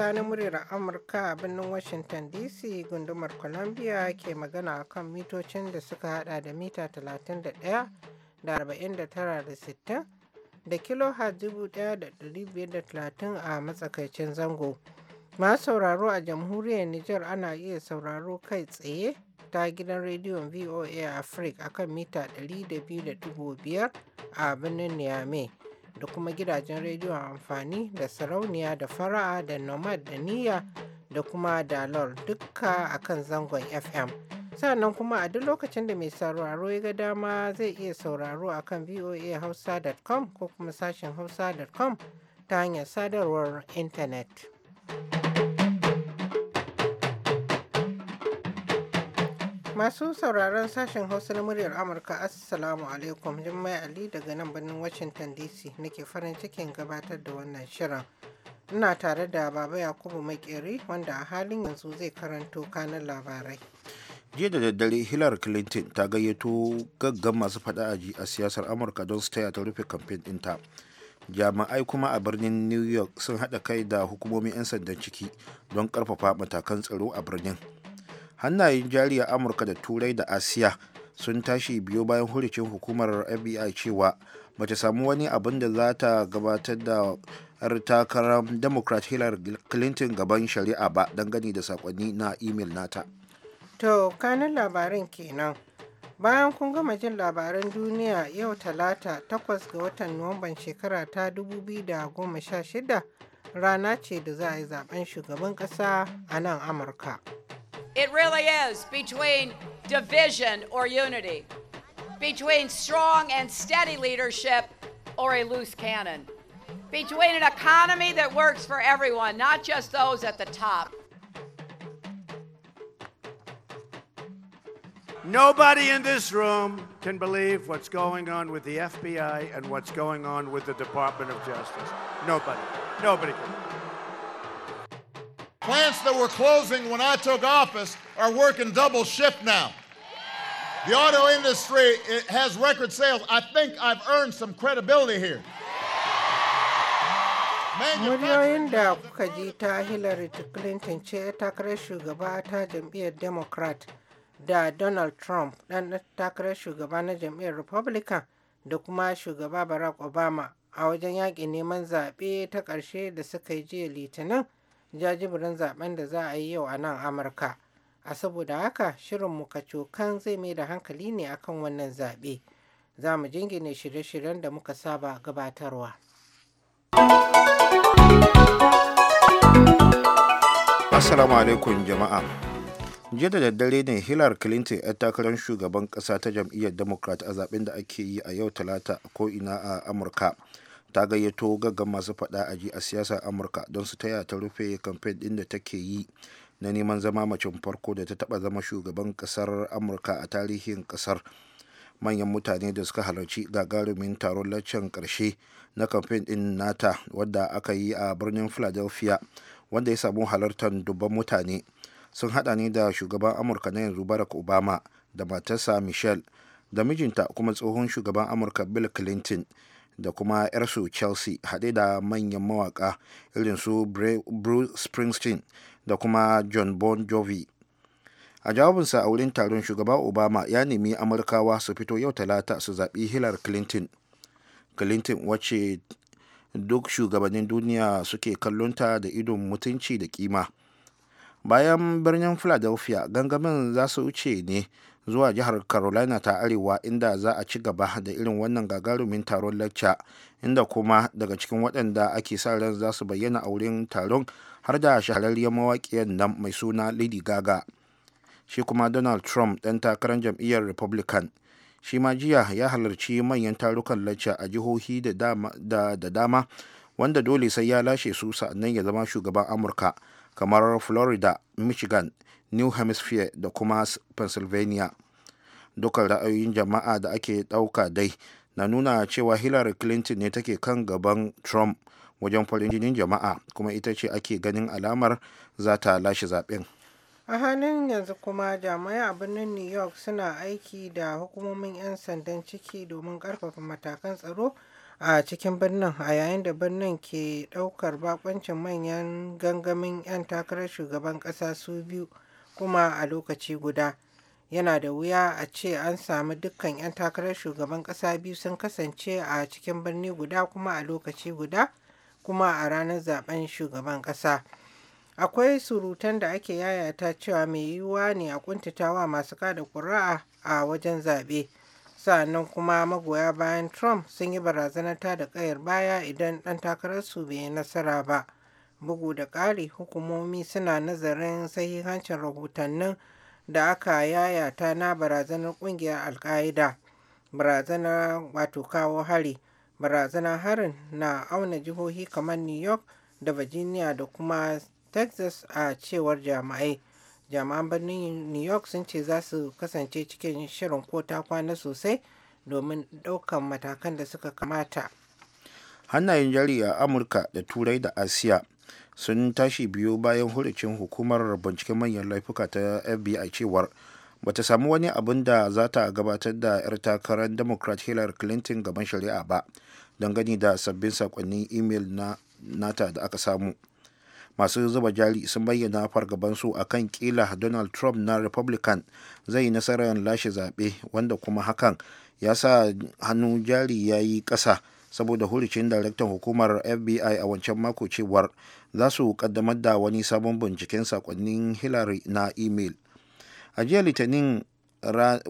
Hausa na muryar Amurka a birnin Washington DC gundumar Columbia ke magana kan mitocin da suka hada da mita 31 da 49 da 60 da kilohertz 1530 a matsakaicin zango. ma sauraro a jamhuriyar Nijar ana iya sauraro kai tsaye ta gidan rediyon VOA Africa akan mita 200.5 a birnin Niamey. da kuma gidajen rediyo amfani da sarauniya da fara'a da nomad da niyya da kuma dalol dukka kan zangon fm sannan kuma a duk lokacin da mai sauraro ya ga dama zai iya sauraro a akan voahausa.com ko kuma sashen hausa.com ta hanyar sadarwar intanet. Masu sauraron sashen Hausa na muryar Amurka Assalamu alaikum Jummai Ali daga nan birnin Washington DC nake farin cikin gabatar da wannan shirin. Ina tare da Baba Yakubu Makeri wanda a halin yanzu zai karanto kanan labarai. jiya da daddare hillary clinton ta gayyato gaggan masu fada aji a siyasar amurka don su taya ta rufe kamfen ɗinta jami'ai kuma a birnin new york sun hada kai da hukumomin 'yan sandan ciki don karfafa matakan tsaro a birnin hannayen jari a amurka da turai da asiya sun tashi biyo bayan hulicin hukumar fbi cewa bace samu wani abin da za ta gabatar da yar takarar democrat hillary clinton gaban shari'a ba dangane da sakonni na imel nata to kanin labarin kenan bayan kun gama jin labaran duniya yau talata 8 ga watan nuwamban shekara ta 2016 rana ce da za a yi zaben shugaban kasa a nan amurka It really is between division or unity, between strong and steady leadership or a loose cannon, between an economy that works for everyone, not just those at the top. Nobody in this room can believe what's going on with the FBI and what's going on with the Department of Justice. Nobody. Nobody can. Plants that were closing when I took office are working double shift now. The auto industry has record sales. I think I've earned some credibility here. Muryoyin da kuka ji ta Hillary Clinton ce takarar shugaba ta jam'iyyar Democrat da Donald Trump takarar shugaba na jam'iyyar Republican da kuma shugaba Barack Obama a wajen neman zaɓe ta ƙarshe da suka yi jiya Litinin jajibirin zaben da za a yi yau a nan amurka a saboda haka shirin mu kacokan zai mai da hankali ne akan wannan zaɓe za mu jingine shirye-shiryen da muka saba gabatarwa assalamu alaikum jama'a jiya da daddare ne hillary clinton 'ya takarar shugaban kasa ta jam'iyyar democrat a zaben da ake yi a yau talata ko ina a amurka ta gayyato gaggan masu fada aji a siyasar amurka don su taya ta rufe kamfen din da take yi na neman zama macen farko da ta taba zama shugaban kasar amurka a tarihin kasar manyan mutane da suka halarci gagarumin taron laccen karshe na kamfen din nata wadda aka yi a birnin philadelphia wanda ya samu halartar dubban mutane sun hada ne da shugaban amurka na yanzu barack obama da matarsa michelle da mijinta kuma tsohon shugaban amurka bill clinton da kuma 'yarsu chelsea haɗe da manyan mawaka irin su bruce springsteen da kuma john bon jovi a jawabinsa a wurin taron shugaba obama ya nemi amurkawa su fito yau talata su zaɓi hillary clinton clinton wacce duk shugabannin duniya suke kallonta da idon mutunci da kima bayan birnin philadelphia gangamin za su wuce ne zuwa jihar carolina ta arewa inda za a ci gaba da irin wannan gagarumin taron lacca inda kuma daga cikin waɗanda ake sa ran za su bayyana a wurin taron har da shahararriyar mawaƙiyar nan mai suna lady gaga shi kuma donald trump ɗan takarar jam'iyyar republican shi ma jiya ya halarci manyan tarukan lacca a jihohi da dama, wanda dole sai ya lashe su sa'annan ya zama shugaban amurka kamar florida michigan new hampshire da kuma pennsylvania dukkan ra'ayoyin jama'a da ake ɗauka dai na nuna cewa hillary clinton ne take kan gaban trump wajen farin jinin jama'a kuma ita ce ake ganin alamar za ta lashe zaben a halin yanzu kuma jami'ai a birnin new york suna aiki da hukumomin 'yan sandan ciki domin karfafa matakan tsaro a cikin birnin a yayin da birnin ke daukar bakoncin manyan gangamin 'yan takarar shugaban kasa su biyu kuma a lokaci guda yana da wuya a ce an samu dukkan 'yan takarar shugaban ƙasa biyu sun kasance a cikin birni guda kuma a lokaci guda kuma a ranar zaben shugaban ƙasa akwai surutan da ake yayata cewa mai yiwuwa ne a kuntatawa masu kada ƙuri'a a wajen zaɓe sannan kuma magoya bayan trump sun yi barazanata da ƙayar baya idan ɗan takararsu bai nasara ba. bugu da ƙari hukumomi suna nazarin sahihancin rahotannin da aka yayata na barazanar ƙungiyar alka'ida barazanar wato kawo hari barazanar harin na auna jihohi kamar new york da virginia da kuma texas a cewar jami'ai jami'an birnin new york sun ce za su kasance cikin shirin ko ta kwana sosai domin ɗaukan matakan da suka kamata hannayen jari a amurka da turai da asiya sun tashi biyu bayan hurucin hukumar binciken manyan laifuka ta fbi cewar bata samu wani abin da za ta gabatar da 'yar takarar democrat hillary clinton gaban shari'a ba dangane da sabbin sakonnin imel na nata da aka samu masu zuba jari sun bayyana fargabansu a kan kila donald trump na republican zai yi nasarar lashe zaɓe wanda kuma hakan ya sa hannu jari ya yi ƙasa saboda hulicin daraktan hukumar fbi a wancan mako cewar za su kaddamar da wani sabon binciken sakonnin hillary na email a jiya litinin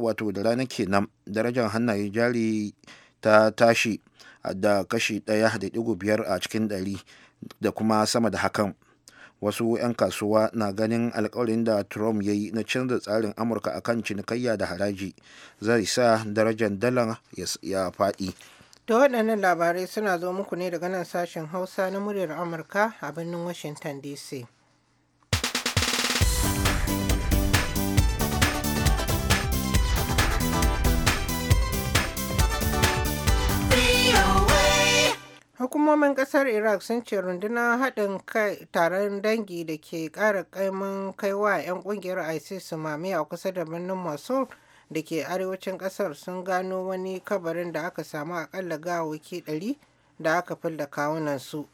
wato da rana kenan darajar hannaye jari ta tashi da kashi ɗaya da digo biyar a cikin ɗari da kuma sama da hakan wasu 'yan kasuwa na ganin alkawarin da trump ya yi na canza tsarin amurka akan cinikayya da haraji zai sa darajar dala ya faɗi. Da waɗannan labarai suna zo muku ne daga nan sashen Hausa na muryar Amurka a birnin Washington DC. Hukumomin ƙasar Iraq sun ce rundunar haɗin taron dangi da ke ƙara kaiman kaiwa 'yan ƙungiyar ISIS su mamaye a kusa da birnin Mosul da ke arewacin kasar sun gano wani kabarin da aka samu akalla gawaki 100 da aka kawunan su.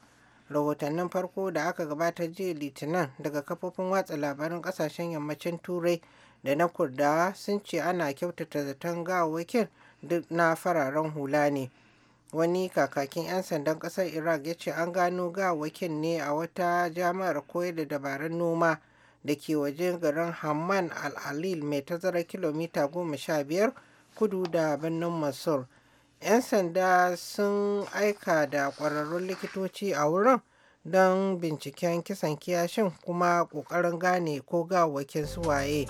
rahotannin farko da aka gabata jiya litinin daga kafofin watsa labarin kasashen yammacin turai da na kurdawa sun ce ana kyautata zaton gawakin duk na fararen hula ne wani kakakin 'yan sandan kasar iraq ya ce an gano gawakin ne a wata jami'ar koyar da dabarun noma da ke waje garin Hamman al-Alil mai tazara kilomita goma sha biyar kudu da birnin Mosul. 'Yan sanda sun aika da ƙwararrun likitoci a wurin don binciken kisan kiyashin kuma ƙoƙarin gane ko gawakin suwaye.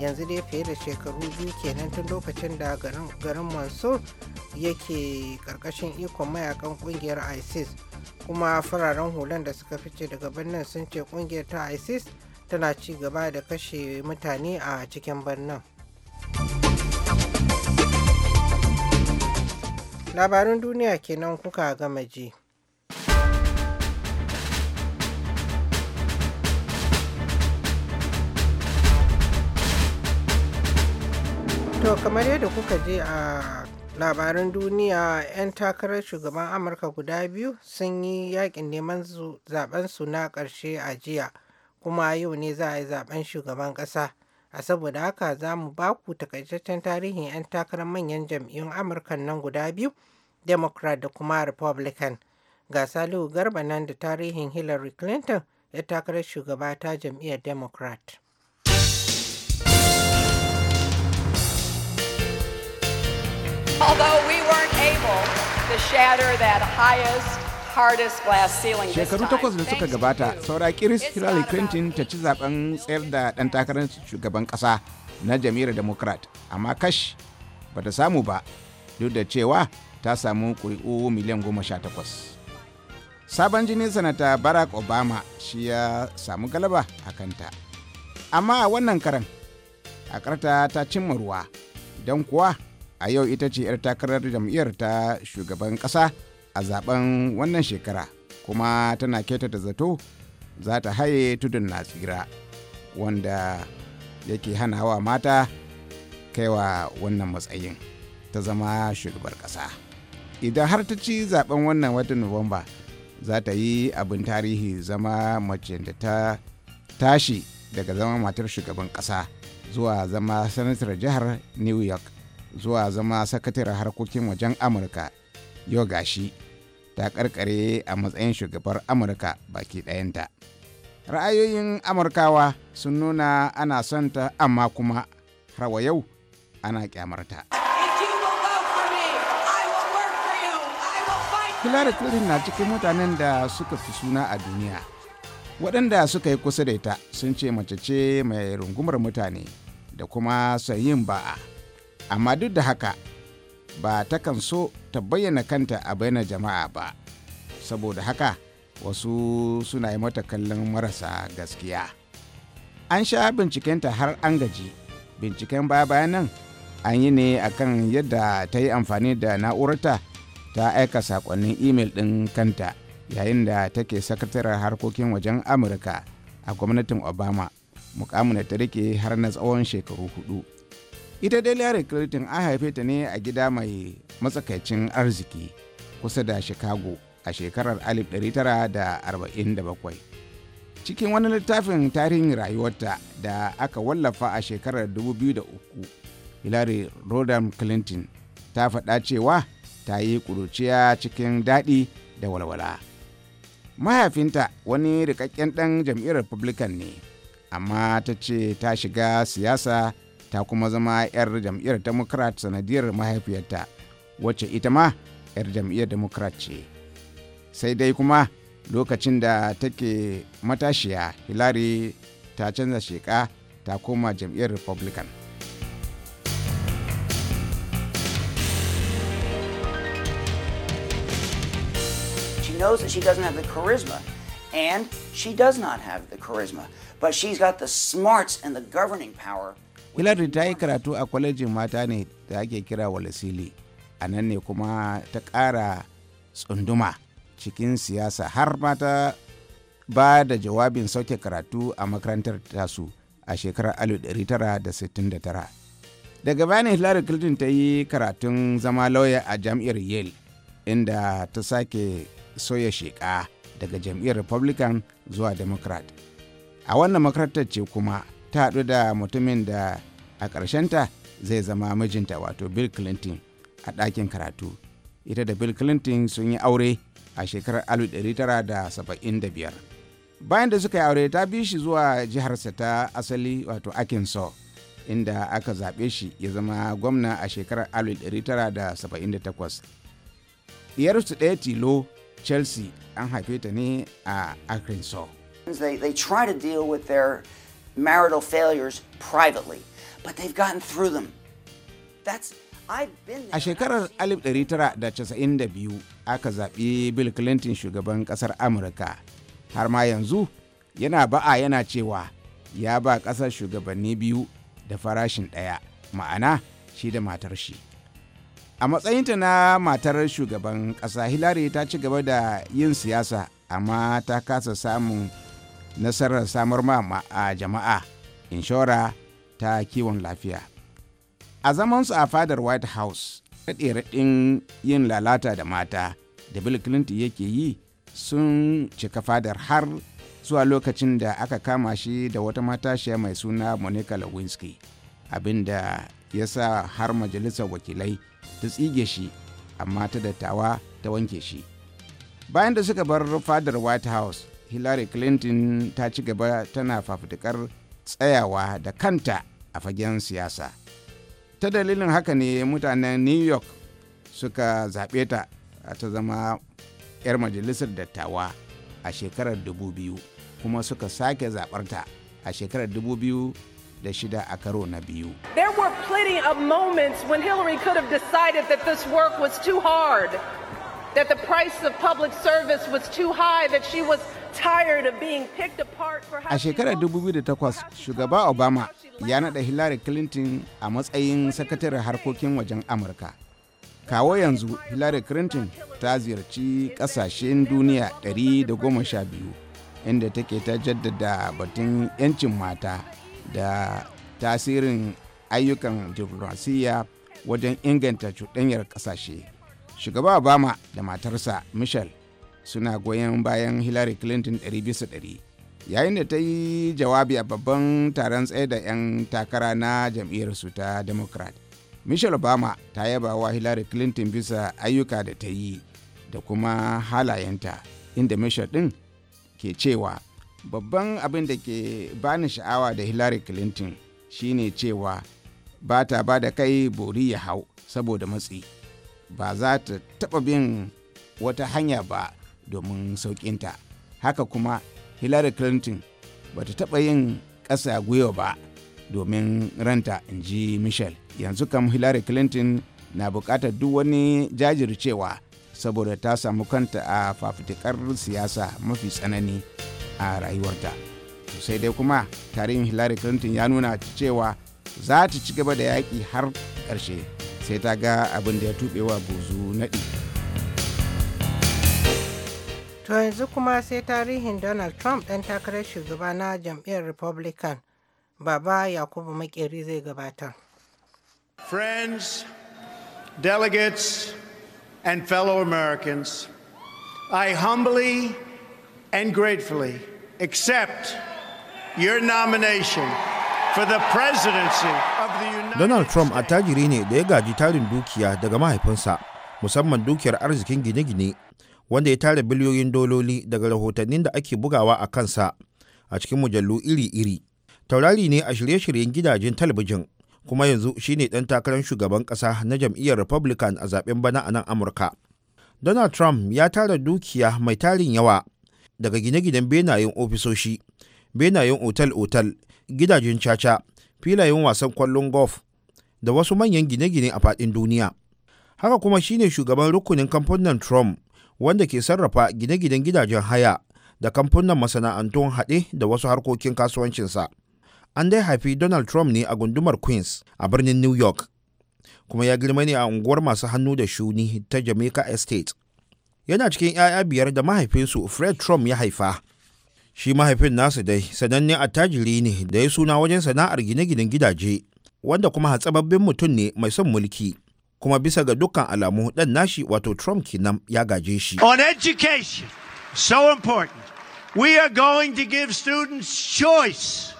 Yanzu dai fiye da shekaru biyu kenan tun lokacin da garin Mansur yake ƙarƙashin ikon mayakan ƙungiyar ISIS. kuma fararen hulan da suka fice daga birnin sun ce ƙungiyar ta ISIS tana ci gaba da kashe mutane a cikin birnin. labarin duniya kenan kuka gama ji. To kamar yadda kuka je a labarin duniya 'yan takarar shugaban amurka guda biyu sun yi yakin neman zaben su na ƙarshe a jiya. kuma yau ne za a yi zaben shugaban ƙasa. A saboda haka za mu baku ku takaitaccen tarihin 'yan takarar manyan jam'iyyun Amurkan nan guda biyu, Democrat da kuma Republican. Ga Salihu Garba nan da tarihin Hillary Clinton ya takarar shugaba ta jam'iyyar Democrat. Although we weren't able to shatter that highest Shekaru takwas da suka gabata, saura Kiris Hillary Clinton ta ci zaben tsayar da ɗan takarar shugaban ƙasa na jam'iyyar Democrat, amma kash ba ta samu ba, duk da cewa ta samu ƙuri'u miliyan goma sha takwas. Sabon jini sanata Barack Obama shi ya samu galaba a kanta. Amma a wannan karan, a karta ta cimma ruwa, don kuwa a yau ita ce 'yar takarar jam'iyyar ta shugaban ƙasa. a zaben wannan shekara kuma tana keta da zato za ta haye tudun na tsira wanda yake hanawa mata kaiwa wannan matsayin ta zama shugabar ƙasa idan har ta ci zaben wannan watan nuwamba za ta yi abin tarihi zama mace da ta tashi daga zama matar shugaban ƙasa zuwa zama sanatar jihar new york zuwa zama sakataren harkokin wajen amurka yau gashi ta karkare a matsayin shugabar amurka baki ɗayanta ra'ayoyin amurkawa sun nuna ana son ta amma kuma rawa yau ana kyamarta hillary clinton na cikin mutanen da suka fi suna a duniya waɗanda suka yi kusa da ita sun ce mace ce mai rungumar mutane da kuma son ba'a amma duk da haka ba ta kan so ta bayyana kanta a bayyana jama'a ba saboda haka wasu suna yi mata kallon marasa gaskiya an sha bincikenta har an gaji binciken baya bayan nan an yi ne akan yadda ta yi amfani da na'urarta ta aika sakonnin imel ɗin kanta yayin da take sakataren harkokin wajen amurka a gwamnatin obama mukamin da ta rike har na tsawon shekaru hudu ita dai larry clinton an haife ta ne a gida mai matsakaicin arziki kusa da chicago a shekarar 1947 cikin wani littafin tarihin rayuwarta da aka wallafa a shekarar 2003 hillary rodham clinton ta faɗa cewa ta yi ƙuruciya cikin daɗi da walwala mahaifinta wani rikakken ɗan jam'iyyar republican ne amma ta ce ta shiga siyasa ta kuma zama 'yar jam'iyyar democrat sanadiyar mahaifiyarta wacce ita ma 'yar jam'iyyar democrat ce sai dai kuma lokacin da take matashiya hillary ta canza sheka ta koma jam'iyyar republican She knows that she doesn't have the charisma and she does not have the charisma, but she's got the smarts and the governing power hillary ta yi karatu a kwalejin mata ne da ake kira walasili a nan ne kuma ta ƙara tsunduma cikin siyasa har mata ba da jawabin sauke karatu a makarantar tasu a shekarar 1969 daga bayan hillary clinton ta yi karatun zama lauya a jam'iyyar yale inda ta sake soya sheka daga jam'iyyar republican zuwa democrat a wannan makarantar ce kuma ta haɗu da mutumin da a ƙarshenta zai zama mijinta wato bill clinton a ɗakin karatu ita da bill clinton sun yi aure a shekarar 1975 bayan da suka yi aure ta bi shi zuwa jiharsa ta asali wato akinso inda aka zaɓe shi ya zama gwamna a shekarar 1978 diyarsu ɗaya tilo chelsea an haife ta ne a akinso marital failures privately, but they've gotten through them. That's A shekarar 1992 aka zaɓi Bill Clinton shugaban ƙasar Amurka. Har ma yanzu yana ba'a yana cewa ya ba ƙasar shugabanni biyu da farashin ɗaya, ma'ana shi da matar shi. A matsayinta na matar shugaban ƙasa Hillary ta ci gaba da yin siyasa amma ta kasa samun nasarar samar ma a jama'a inshora ta kiwon lafiya a zamansu a fadar white house raɗe-raɗin yin lalata da mata da bill clinton yake yi sun cika fadar har zuwa lokacin da aka kama shi da wata mata matashiya mai suna monica lewinsky abinda ya sa har majalisar wakilai ta tsige shi amma ta dattawa ta wanke shi bayan da suka bar fadar white house hillary clinton ta ci gaba tana fafutukar tsayawa da kanta a fagen siyasa ta dalilin haka ne mutanen new york suka zaɓe ta ta zama 'yar majalisar dattawa a shekarar 2000 kuma suka sake zaɓarta a shekarar 2000 da shida a karo na biyu. There were plenty of moments when Hillary could have decided that this work was too hard, that the price of public service was too high, that she was A shekarar 2008, shugaba Obama ya nada Hillary Clinton a matsayin sakataren harkokin wajen Amurka. Kawo yanzu Hillary Clinton ta ziyarci kasashen duniya 112 inda take ta jaddada batun 'yancin mata da tasirin ayyukan diflomasiyya wajen inganta cuɗanyar kasashe Shugaba Obama da matarsa Michelle suna goyon bayan hillary clinton 100 yayin da ta yi jawabi a babban taron tsaye da 'yan takara na jamiyyar su ta democrat michelle obama ta yaba wa hillary clinton bisa ayyuka da ta yi da kuma halayenta inda michelle din ke cewa babban abin da ke bani sha'awa da hillary clinton shine cewa ba ta ba da kai bori ya hau saboda matsi ba za ta taba bin wata hanya ba domin sauƙinta haka kuma hillary clinton ba ta taɓa yin ƙasa gwiwa ba domin ranta in ji michel yanzu kam hillary clinton na buƙatar duk wani jajircewa saboda ta samu kanta a fafutukar siyasa mafi tsanani a rayuwarta sai dai kuma tarihin hillary clinton ya nuna cewa za ta ci gaba da yaƙi har ƙarshe sai ta ga abin da ya tuɓe wa buzu naɗi. To yanzu kuma sai tarihin Donald Trump ɗan takarar shugaba na jam'iyyar Republican. Baba Yakubu Makeri zai gabatar. Friends, delegates, and fellow Americans, I humbly and gratefully accept your nomination for the presidency of the United Donald Trump attajiri ne da ya gaji tarin dukiya daga mahaifinsa, musamman dukiyar arzikin gine-gine wanda ya tara biliyoyin dololi daga rahotannin da ake bugawa a kansa a cikin mujallu iri-iri. Taurari ne a shirye-shiryen gidajen talabijin kuma yanzu shine ɗan takarar shugaban ƙasa na jam'iyyar Republican a zaben bana a nan Amurka. Donald Trump ya tara dukiya mai tarin yawa daga gine-ginen benayen ofisoshi, benayen otal-otal, gidajen caca, filayen wasan kwallon golf da wasu manyan gine-gine a faɗin duniya. Haka kuma shine shugaban rukunin kamfanin Trump wanda ke sarrafa gine-ginen gidajen haya da kamfunan masana'antun haɗe da wasu harkokin kasuwancinsa. An dai haifi Donald Trump ne a gundumar Queens a birnin New York, kuma ya girma ne a unguwar masu hannu da shuni ta Jamaica Estate. Yana cikin 'ya'ya biyar da mahaifinsu Fred Trump ya haifa. Shi mahaifin nasu dai sanannen attajiri ne da ya suna wajen sana'ar gine-ginen gidaje, wanda kuma mutum ne mai son mulki. kuma bisa ga dukkan alamu dan nashi wato Trump kinan ya gaje shi. On education, so important, we are going to give students choice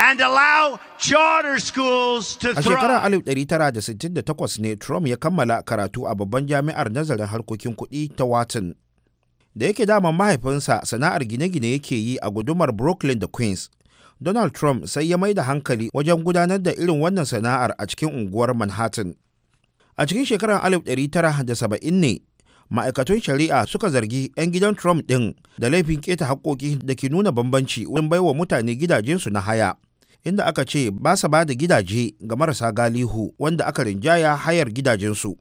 and allow charter schools to thrive. A shekarar 1968 ne Trump ya kammala karatu a babban jami'ar nazarin harkokin kuɗi ta Wharton. Da yake daman mahaifinsa sana'ar gine-gine yake yi a gudumar Brooklyn da Queens, Donald Trump sai ya mai da hankali wajen gudanar da irin wannan sana'ar a cikin unguwar Manhattan. a cikin shekarar 1970 ne ma'aikatun shari'a suka zargi 'yan gidan trump ɗin da laifin keta haƙoƙi da ke nuna bambanci wurin wa mutane gidajensu na haya inda aka ce ba sa ba da gidaje ga marasa galihu wanda aka rinjaya hayar gidajensu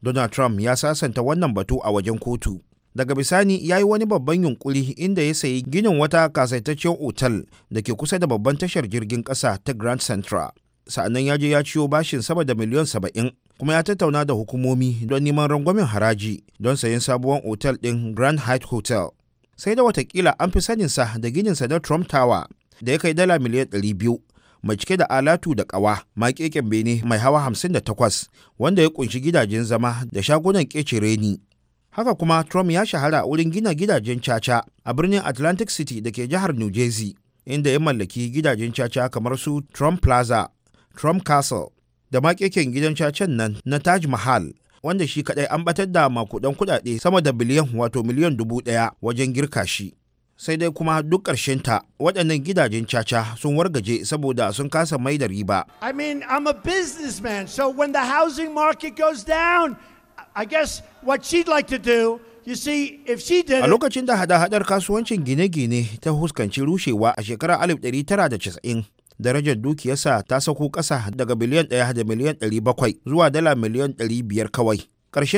donald trump ya sasanta wannan batu a wajen kotu daga bisani ya yi wani babban yunkuri inda ya sayi ginin wata kasaitaccen otal da ke kusa da babban tashar jirgin ƙasa ta grand central sa'annan ya je ya ciyo bashin sama da miliyan saba'in kuma ya tattauna da hukumomi don neman rangwamen haraji don sayen sabuwar otal din grand Hyatt hotel sai da watakila an fi saninsa da gininsa na trump tower da ya kai dala miliyan 200 mai cike da alatu da kawa makeken bene mai hawa 58 wanda ya kunshi gidajen zama da shagunan kece reni haka kuma trump ya shahara wurin gina gidajen caca a birnin atlantic city da ke jihar new jersey inda ya mallaki gidajen caca kamar su trump plaza trump castle da makeken gidan cacen nan na Taj Mahal wanda shi kadai an batar da makudan kudade sama da biliyan wato miliyan dubu daya wajen girka shi sai dai kuma duk ƙarshen ta waɗannan gidajen caca sun wargaje saboda sun kasa mai da riba I mean I'm a businessman so when the housing market goes down I guess what she'd like to do if she did a lokacin da hada-hadar kasuwancin gine-gine ta huskanci rushewa a shekarar 1990 darajar dukiyarsa ta sauko ƙasa daga miliyan ɗaya da miliyan ɗari bakwai zuwa dala miliyan ɗari biyar kawai.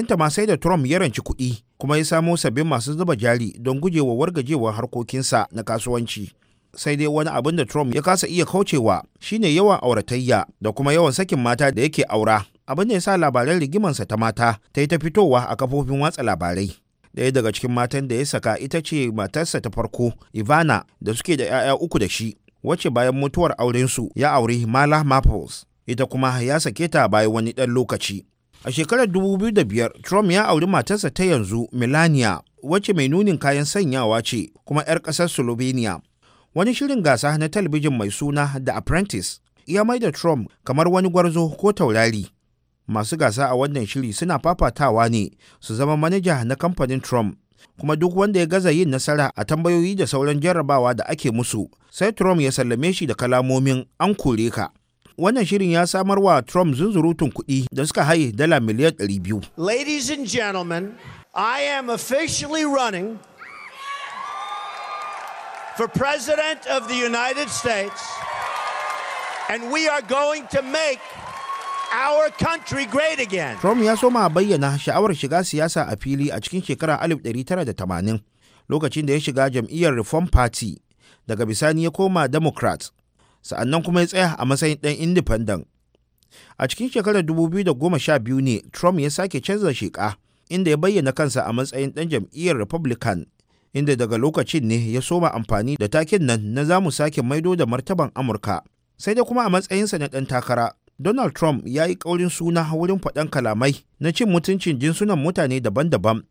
ta ma sai da Trump ya ranci kuɗi kuma ya samo sabbin masu zuba jari don gujewa wargajewar harkokinsa na kasuwanci. Sai dai wani abin da Trump ya kasa iya kaucewa shine yawan auratayya da kuma yawan sakin mata da yake aura. Abin da ya sa labaran rigimansa ta mata ta yi ta fitowa a kafofin watsa labarai. Ɗaya daga cikin matan da ya saka ita ce matarsa ta farko Ivana da suke da 'ya'ya uku da shi wacce bayan mutuwar aurensu ya auri Mala Maples, ita kuma ya sake ta bayan wani ɗan lokaci. A shekarar 2005, Trump ya auri matarsa ta yanzu Melania, wacce mai nunin kayan sanyawa ce kuma 'yar ƙasar Slovenia. Wani shirin gasa na talabijin mai suna The Apprentice ya maida Trump kamar wani gwarzo ko taurari. Masu gasa a wannan shiri suna fafatawa ne su zama manaja na kamfanin Trump kuma duk wanda ya gaza yin nasara a tambayoyi da sauran jarrabawa da ake musu sai Trump ya sallame shi da kalamomin an kore ka. Wannan shirin ya samar wa Trump zunzurutun kuɗi da suka haye dala miliyan 200. Ladies and gentlemen, I am officially running for President of the United States and we are going to make our country great again. Trump ya soma bayyana sha'awar shiga siyasa a fili a cikin shekara 1980 lokacin da ya shiga jam'iyyar Reform Party daga bisani ya koma Democrat sa'annan kuma ya tsaya a matsayin ɗan independent. A cikin shekarar 2012 ne Trump ya sake canza sheka inda ya bayyana kansa a matsayin ɗan jam'iyyar Republican inda daga lokacin ne ya soma amfani da takin nan na zamu sake maido da martaban Amurka. Sai dai kuma a matsayinsa na ɗan takara Donald Trump ya yi ƙaurin suna wurin faɗan kalamai na cin mutuncin jinsunan mutane daban-daban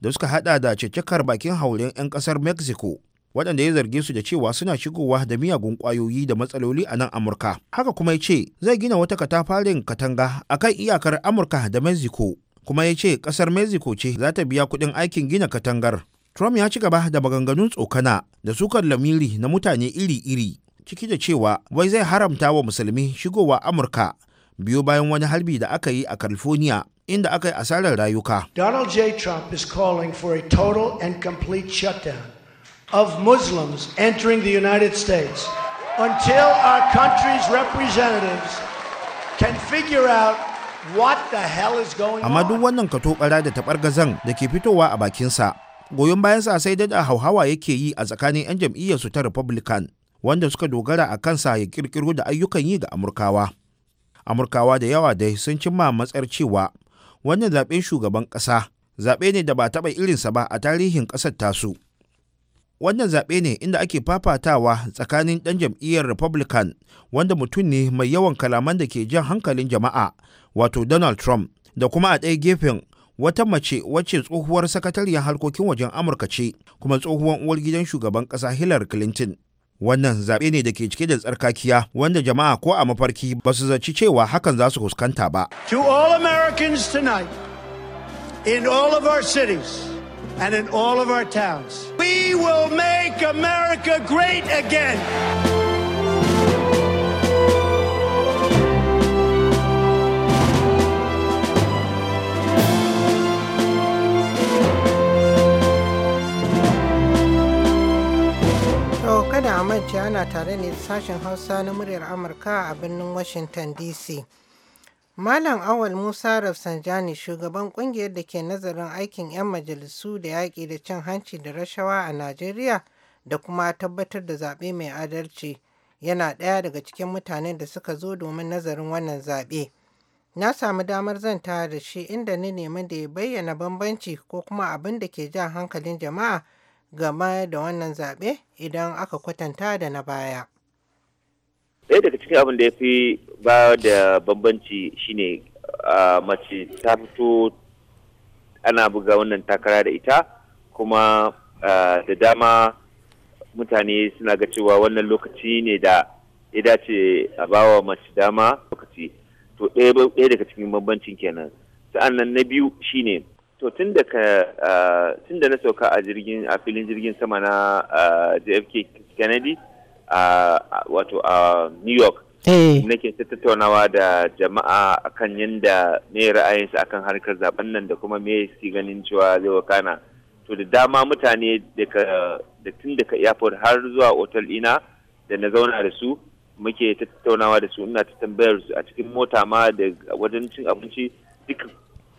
da suka hada da cikakkar bakin hauren 'yan ƙasar Mexico waɗanda ya zarge su da cewa suna shigowa da miyagun ƙwayoyi da matsaloli a nan Amurka. Haka kuma ya ce zai gina wata katafarin katanga a kan iyakar Amurka da Mexico kuma ya ce ƙasar Mexico ce za ta biya kuɗin aikin gina katangar. Trump ya ci gaba da maganganun tsokana da sukar lamiri na mutane iri-iri ciki da cewa wai zai haramta wa musulmi shigowa amurka biyo bayan wani harbi da aka yi a california inda aka yi asarar rayuka donald j trump is calling for a total and complete shutdown of muslims entering the united states until our country's representatives can figure out what the hell is going on amma duk wannan katobara da taɓargazan da ke fitowa a bakinsa goyon bayansa sai da hauhawa yake yi a tsakanin 'yan jam'iyyarsu ta republican wanda suka dogara a kansa ya kirkiro da ayyukan yi ga amurkawa amurkawa da yawa dai sun cimma matsar cewa wannan zaɓen shugaban ƙasa zaɓe ne da ba taɓa irinsa ba a tarihin ƙasar tasu wannan zaɓe ne inda ake fafatawa tsakanin ɗan jam'iyyar republican wanda mutum ne mai yawan kalaman da ke jan hankalin jama'a wato donald trump da kuma a ɗaya gefen wata mace wacce tsohuwar sakatariyar harkokin wajen amurka ce kuma tsohuwar uwar gidan shugaban ƙasa hillary clinton wannan zaɓe ne da ke cike da tsarkakiya wanda jama'a ko a mafarki ba su zaci cewa hakan za su fuskanta ba. To all Americans tonight, in all of our cities and in all of our towns, we will make America great again. kada a manta ana tare ne sashen hausa na muryar amurka a birnin washington dc malam awal musa rafsanjani shugaban kungiyar da ke nazarin aikin 'yan majalisu da yaƙi da cin hanci da rashawa a najeriya da kuma tabbatar da zaɓe mai adalci yana ɗaya daga cikin mutanen da suka zo domin nazarin wannan zaɓe na samu damar zan zanta da shi inda ni neman da ya bayyana bambanci ko kuma abin da ke jan hankalin jama'a game da wannan zaɓe idan aka kwatanta da na baya. ɗaya daga cikin abin da ya fi ba da bambanci shine mace ta fito ana buga wannan takara da ita kuma da dama mutane suna ga cewa wannan lokaci ne da ya dace a bawa mace dama lokaci to ɗaya daga cikin bambancin kenan sa'an nan na biyu shine to tun da ka tun da na sauka a jirgin a filin jirgin sama na JFK Kennedy a wato a New York eh. nake ta tattaunawa da jama'a akan yadda me ra'ayinsu akan harkar zaben nan da kuma me su ganin cewa zai wakana to da dama mutane da tun daga airport har zuwa otal ina da na zauna da su muke tattaunawa da su ina ta tambayar su a cikin mota ma da wajen cin abinci duk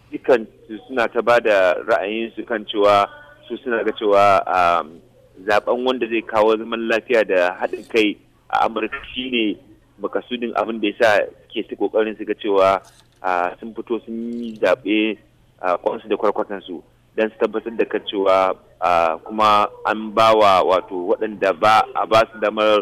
dukkan suna ta ba da ra'ayinsu kan cewa su suna ga cewa um, zaben wanda zai kawo zaman lafiya da haɗin kai a amurka shine makasudin abin da ya sa ke su kokarin su ga cewa sun fito sun yi zaɓe kwansu da kwarkwatansu don su tabbatar da kan cewa kuma an ba wa wato waɗanda ba a ba su damar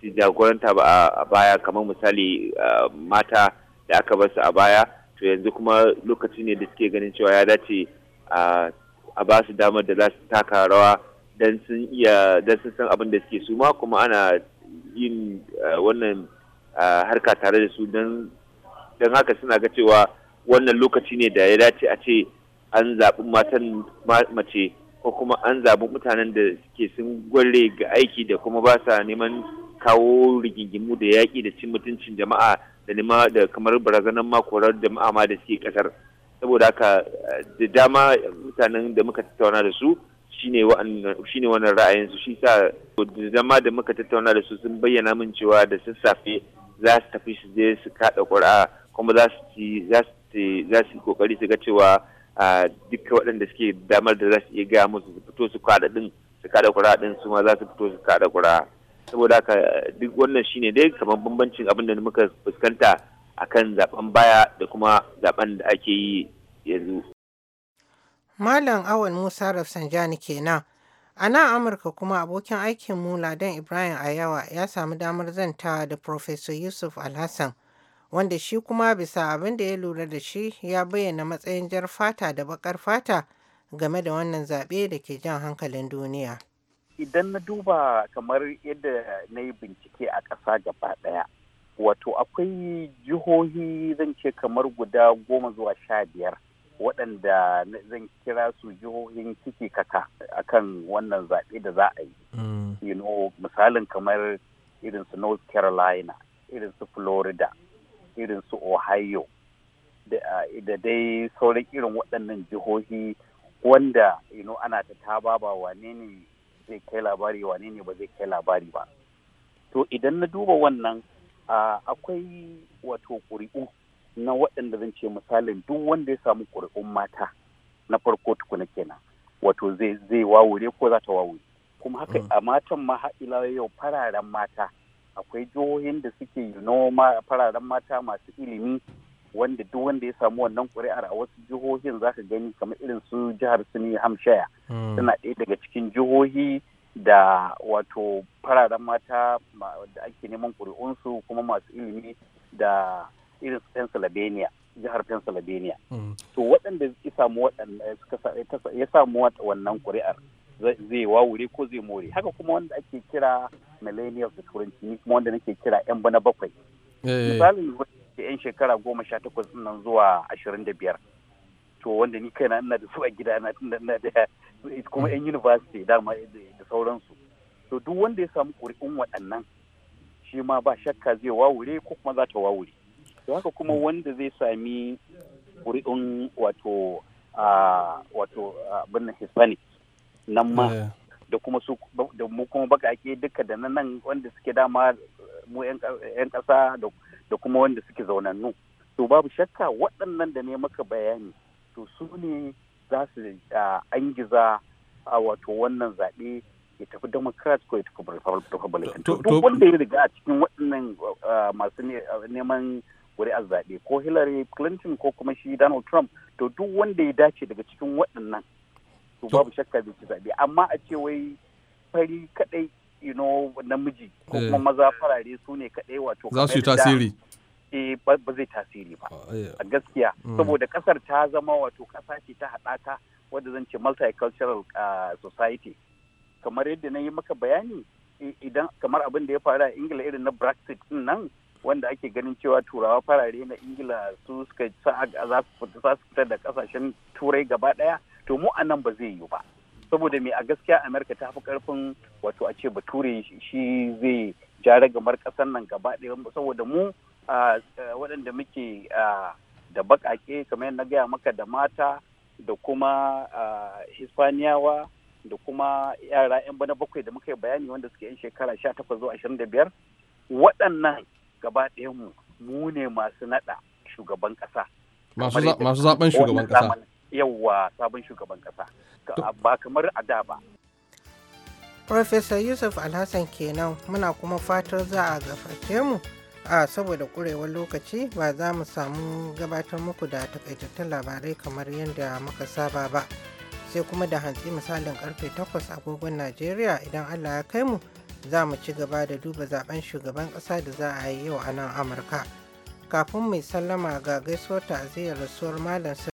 su jagoranta ba a baya kamar misali mata da aka basu a baya to yanzu kuma lokaci ne da suke ganin cewa ya dace a ba su damar da za su taka rawa don sun iya don sun san abin da suke su ma kuma ana yin eh, wannan eh, harka tare da su don haka suna ga cewa wannan lokaci ne da ya dace a ce an zaɓi matan mace ko kuma an zaɓi mutanen da suke sun gware ga aiki da kuma ba sa neman kawo rigingimu da yaƙi da cin mutuncin jama'a da nima da kamar barazanar makorar jama'a ma da suke kasar saboda haka da dama mutanen da muka tattauna da su shine wannan ra'ayin su shi sa da dama da muka tattauna da su sun bayyana min cewa da sassafe za su tafi su je su kada kura kuma za su ci za su kokari su ga cewa duka waɗanda suke damar da za su iya gaya musu su fito su kada din su kada kura din su ma za su fito su kada kura. saboda haka duk wannan shine dai kamar bambancin abin da muka fuskanta a kan zaben baya da kuma zaben da ake yi yanzu malam awal musa rafsanjani kenan a nan amurka kuma abokin aikin mu ladan ibrahim ayawa ya samu damar zanta da professor yusuf alhassan wanda shi kuma bisa abin da ya lura da shi ya bayyana matsayin jar fata da bakar fata game da wannan zaɓe da ke jan hankalin duniya. idan na duba kamar yadda na yi bincike a ƙasa gaba ɗaya wato akwai jihohi zan ce kamar guda goma zuwa sha biyar waɗanda zan kira su jihohin kiki kaka kan wannan zaɓe da za a yi mm. you know misalin kamar irin su north carolina irin su florida irin su ohio da dai sauran irin waɗannan jihohi wanda you know ana ta taba ba wane ne zai kai labari wane ne ba zai kai labari ba to idan na duba wannan akwai wato ƙuri'u na waɗanda zan ce misalin duk wanda ya samu kuri'un mata na farko tukuna kenan wato zai wawure ko za ta wawure kuma haka mm. a matan ma ila yau fararen mata akwai jihohin da suke noma fararen mata masu ilimi wanda duk wanda ya samu wannan kuri'ar a wasu jihohin zaka gani kamar irin su jihar su ne hamshaya hmm. suna ɗaya daga cikin jihohi da wato fararen mata da ake neman kuri'unsu kuma masu ilimi da irin su pennsylvania jihar pennsylvania hmm. to waɗanda ya samu wannan ƙuri'ar zai wawure ko zai more haka kuma wanda ake kira millennials da turanci ni kuma wanda nake kira yan bana bakwai eh. misalin 'yan shekara goma sha takwas nan zuwa ashirin da biyar to wanda ni kaina ina da su a gida na da kuma 'yan university dama da sauransu to duk wanda ya samu ƙuri'un waɗannan shi ma ba shakka zai wawure ko kuma za ta wawure to haka kuma mm. wanda zai sami ƙuri'un wato ah, wato ah, birnin hispanic nan ma da kuma su da mu kuma bakake duka da nan wanda suke dama mu 'yan ƙasa da kuma wanda suke zaunannu to babu shakka waɗannan da ne maka bayani to su ne za su angiza a wato wannan zaɓe ya tafi democrat ko ya tafi republican to duk wanda ya riga a cikin waɗannan masu neman ƙuri'ar zaɓe ko hillary clinton ko kuma shi donald trump to duk wanda ya dace daga cikin waɗannan to babu shakka zai ci zaɓe amma a ce wai fari kaɗai you know namiji ko eh. kuma maza farare su ne kaɗai wato za su yi tasiri eh, ba zai tasiri ba ah, eh. a gaskiya hmm. saboda ƙasar ta zama wato kasa ce ta haɗaka wadda zan ce multicultural ah, society kamar yadda na yi maka bayani idan kamar abin da ya faru a ingila irin na brexit din nan wanda ake ganin cewa turawa farare na ingila su suka za su fita da kasashen turai gaba daya to mu a nan ba zai yiwu ba saboda me a gaskiya amerika ta fi karfin wato a ce bature shi zai ja ragamar kasar nan gaba ɗaya saboda mu waɗanda muke da baƙaƙe kamar na gaya maka da mata da kuma hispaniyawa da kuma yara 'yan bana bakwai da muka yi bayani wanda suke 'yan shekara sha takwas zuwa ashirin da biyar waɗannan gaba ɗayanmu mu ne masu naɗa shugaban ƙasa masu zaɓen shugaban ƙasa yawa sabon shugaban kasa ba kamar a da ba Professor Yusuf Alhassan kenan muna kuma fatar za a gafarce mu a saboda kurewar lokaci ba za mu samu gabatar muku da takaitattun labarai kamar yadda muka saba ba sai kuma da hantsi misalin karfe 8 agogon Najeriya idan Allah ya kai mu za mu ci gaba da duba zaben shugaban kasa da za a yi yau a nan Amurka. Kafin mai sallama ga gaisuwar ta'aziyar rasuwar Malam